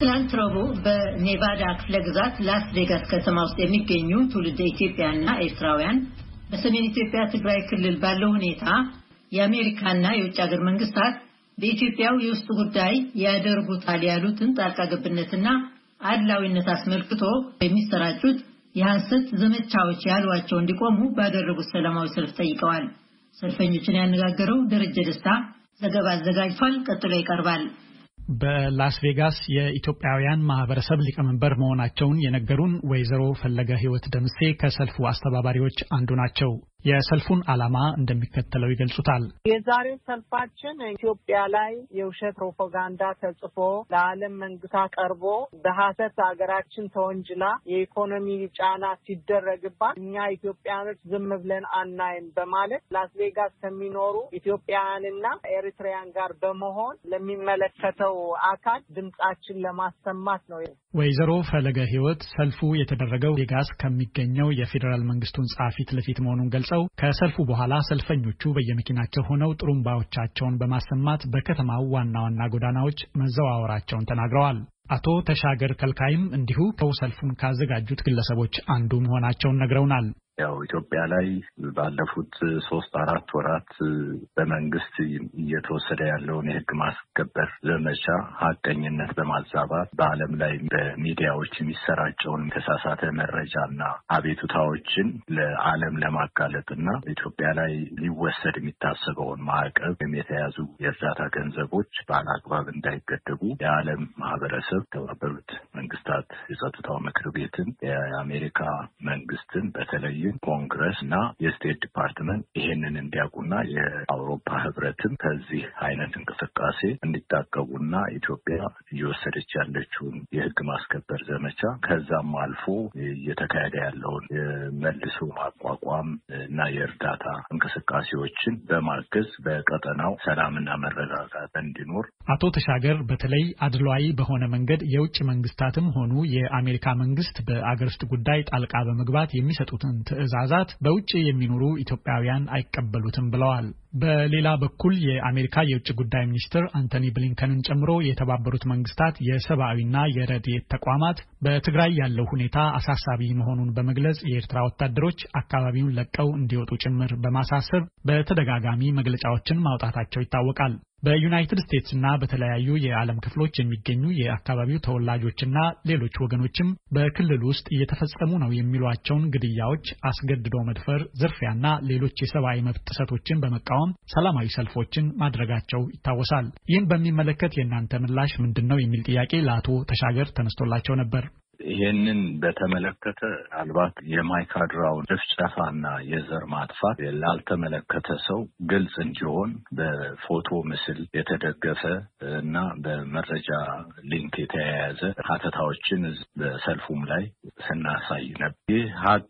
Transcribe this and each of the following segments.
ትናንት ረቡዕ በኔቫዳ ክፍለ ግዛት ላስ ቬጋስ ከተማ ውስጥ የሚገኙ ትውልደ ኢትዮጵያና ኤርትራውያን በሰሜን ኢትዮጵያ ትግራይ ክልል ባለው ሁኔታ የአሜሪካና የውጭ ሀገር መንግስታት በኢትዮጵያው የውስጥ ጉዳይ ያደርጉታል ያሉትን ጣልቃ ገብነትና አድላዊነት አስመልክቶ የሚሰራጩት የሐሰት ዘመቻዎች ያሏቸው እንዲቆሙ ባደረጉት ሰላማዊ ሰልፍ ጠይቀዋል። ሰልፈኞችን ያነጋገረው ደረጀ ደስታ ዘገባ አዘጋጅቷል። ቀጥሎ ይቀርባል። በላስ ቬጋስ የኢትዮጵያውያን ማህበረሰብ ሊቀመንበር መሆናቸውን የነገሩን ወይዘሮ ፈለገ ህይወት ደምሴ ከሰልፉ አስተባባሪዎች አንዱ ናቸው። የሰልፉን ዓላማ እንደሚከተለው ይገልጹታል። የዛሬው ሰልፋችን ኢትዮጵያ ላይ የውሸት ፕሮፓጋንዳ ተጽፎ ለዓለም መንግስታት ቀርቦ በሀሰት ሀገራችን ተወንጅላ የኢኮኖሚ ጫና ሲደረግባት እኛ ኢትዮጵያኖች ዝም ብለን አናይም በማለት ላስ ቬጋስ ከሚኖሩ ኢትዮጵያውያንና ኤሪትሪያን ጋር በመሆን ለሚመለከተው አካል ድምጻችን ለማሰማት ነው። ወይዘሮ ፈለገ ህይወት ሰልፉ የተደረገው ቬጋስ ከሚገኘው የፌዴራል መንግስቱን ጸሐፊ ለፊት መሆኑን ገልጸ ገልጸው ከሰልፉ በኋላ ሰልፈኞቹ በየመኪናቸው ሆነው ጥሩምባዎቻቸውን በማሰማት በከተማው ዋና ዋና ጎዳናዎች መዘዋወራቸውን ተናግረዋል። አቶ ተሻገር ከልካይም እንዲሁ ከው ሰልፉን ካዘጋጁት ግለሰቦች አንዱ መሆናቸውን ነግረውናል። ያው ኢትዮጵያ ላይ ባለፉት ሶስት አራት ወራት በመንግስት እየተወሰደ ያለውን የህግ ማስከበር ዘመቻ ሀቀኝነት በማዛባት በዓለም ላይ በሚዲያዎች የሚሰራጨውን የተሳሳተ መረጃና አቤቱታዎችን ለዓለም ለማጋለጥና ኢትዮጵያ ላይ ሊወሰድ የሚታሰበውን ማዕቀብ ወይም የተያዙ የእርዳታ ገንዘቦች ባለአግባብ እንዳይገደቡ የዓለም ማህበረሰብ የተባበሩት መንግስታት የጸጥታው ምክር ቤትን የአሜሪካ መንግስትን በተለይ ቴሌቪዥን ኮንግረስ እና የስቴት ዲፓርትመንት ይሄንን እንዲያውቁና የአውሮፓ ህብረትም ከዚህ አይነት እንቅስቃሴ እንዲታቀቡና ኢትዮጵያ እየወሰደች ያለችውን የህግ ማስከበር ዘመቻ ከዛም አልፎ እየተካሄደ ያለውን የመልሶ ማቋቋም እና የእርዳታ እንቅስቃሴዎችን በማገዝ በቀጠናው ሰላምና መረጋጋት እንዲኖር አቶ ተሻገር በተለይ አድሏዊ በሆነ መንገድ የውጭ መንግስታትም ሆኑ የአሜሪካ መንግስት በአገር ውስጥ ጉዳይ ጣልቃ በመግባት የሚሰጡትን ትዕዛዛት በውጭ የሚኖሩ ኢትዮጵያውያን አይቀበሉትም ብለዋል። በሌላ በኩል የአሜሪካ የውጭ ጉዳይ ሚኒስትር አንቶኒ ብሊንከንን ጨምሮ የተባበሩት መንግስታት የሰብአዊና የረድኤት ተቋማት በትግራይ ያለው ሁኔታ አሳሳቢ መሆኑን በመግለጽ የኤርትራ ወታደሮች አካባቢውን ለቀው እንዲወጡ ጭምር በማሳሰብ በተደጋጋሚ መግለጫዎችን ማውጣታቸው ይታወቃል። በዩናይትድ ስቴትስና በተለያዩ የዓለም ክፍሎች የሚገኙ የአካባቢው ተወላጆችና ሌሎች ወገኖችም በክልል ውስጥ እየተፈጸሙ ነው የሚሏቸውን ግድያዎች፣ አስገድዶ መድፈር፣ ዝርፊያና ሌሎች የሰብአዊ መብት ጥሰቶችን በመቃወም ሰላማዊ ሰልፎችን ማድረጋቸው ይታወሳል። ይህም በሚመለከት የእናንተ ምላሽ ምንድን ነው የሚል ጥያቄ ለአቶ ተሻገር ተነስቶላቸው ነበር። ይሄንን በተመለከተ ምናልባት የማይካድራውን ጭፍጨፋና የዘር ማጥፋት ላልተመለከተ ሰው ግልጽ እንዲሆን በፎቶ ምስል የተደገፈ እና በመረጃ ሊንክ የተያያዘ ሀተታዎችን በሰልፉም ላይ ስናሳይ ነበር። ይህ ሀቅ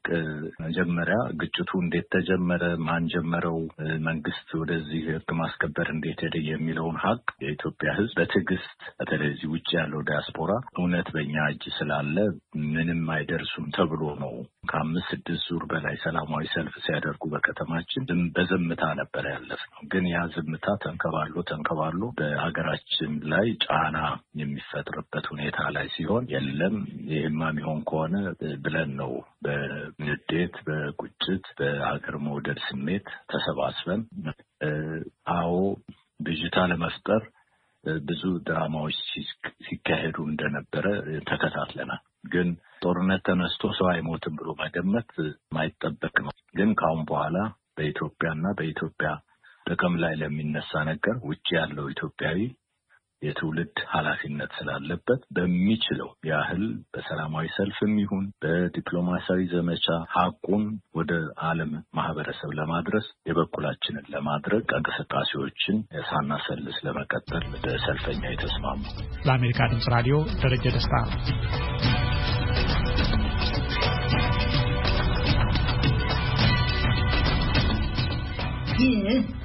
መጀመሪያ ግጭቱ እንዴት ተጀመረ፣ ማን ጀመረው፣ መንግስት ወደዚህ ህግ ማስከበር እንዴት ሄደ የሚለውን ሀቅ የኢትዮጵያ ህዝብ በትዕግስት በተለይ እዚህ ውጭ ያለው ዲያስፖራ እውነት በእኛ እጅ ስላለ ምንም አይደርሱም ተብሎ ነው ከአምስት ስድስት ዙር በላይ ሰላማዊ ሰልፍ ሲያደርጉ በከተማችን በዝምታ ነበር ነው። ግን ያ ዝምታ ተንከባሎ ተንከባሎ በሀገራችን ላይ ጫና የሚፈጥርበት ሁኔታ ላይ ሲሆን የለም ይህማ የሚሆን ከሆነ ብለን ነው በንዴት፣ በቁጭት፣ በሀገር መውደድ ስሜት ተሰባስበን አዎ ብዥታ ለመፍጠር ብዙ ድራማዎች ሲካሄዱ እንደነበረ ተከታትለናል። ግን ጦርነት ተነስቶ ሰው አይሞትም ብሎ መገመት ማይጠበቅ ነው። ግን ከአሁን በኋላ በኢትዮጵያና በኢትዮጵያ ጥቅም ላይ ለሚነሳ ነገር ውጭ ያለው ኢትዮጵያዊ የትውልድ ኃላፊነት ስላለበት በሚችለው ያህል በሰላማዊ ሰልፍም ይሁን በዲፕሎማሲያዊ ዘመቻ ሀቁን ወደ ዓለም ማህበረሰብ ለማድረስ የበኩላችንን ለማድረግ እንቅስቃሴዎችን ሳናሰልስ ለመቀጠል ወደ ሰልፈኛ የተስማሙ ለአሜሪካ ድምፅ ራዲዮ ደረጀ ደስታ ነው። 品。